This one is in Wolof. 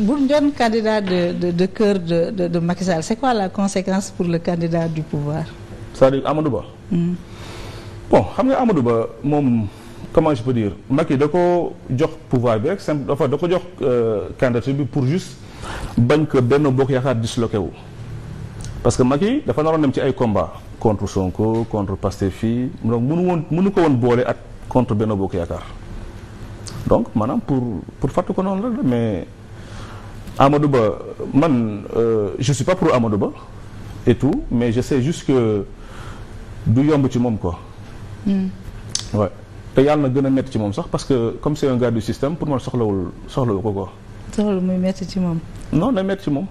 bu ñu doon candidat de de de cœur de de c'est quoi la conséquence pour le candidat du pouvoir. c'est-à-dire Amadou Ba. Hmm. bon xam nga Amadou Ba moom comment je peux dire Macky da ko jox pouvoir bi rek simple dafa da ko jox euh, candidature bi pour juste bañ ko Benno Bokk Yaakaar disloqué wu. parce que Macky dafa naroon dem ci ay combat contre Sonko contre Pastef fii donc mënu woon mënu ko woon boole ak contre benn Bokk Yaakaar donc maanaam pour pour fàttu ko noonu la Amadou Ba man euh, je suis pas pour Amadou Ba et tout mais je sais juste que du yomb ci moom quoi. waaw hmm. te yàlla na gën a métti ci moom sax parce que comme c'est un gars système pour man soxlawul soxlawu ko ko soxla muy métti ci moom. non na métti ci moom.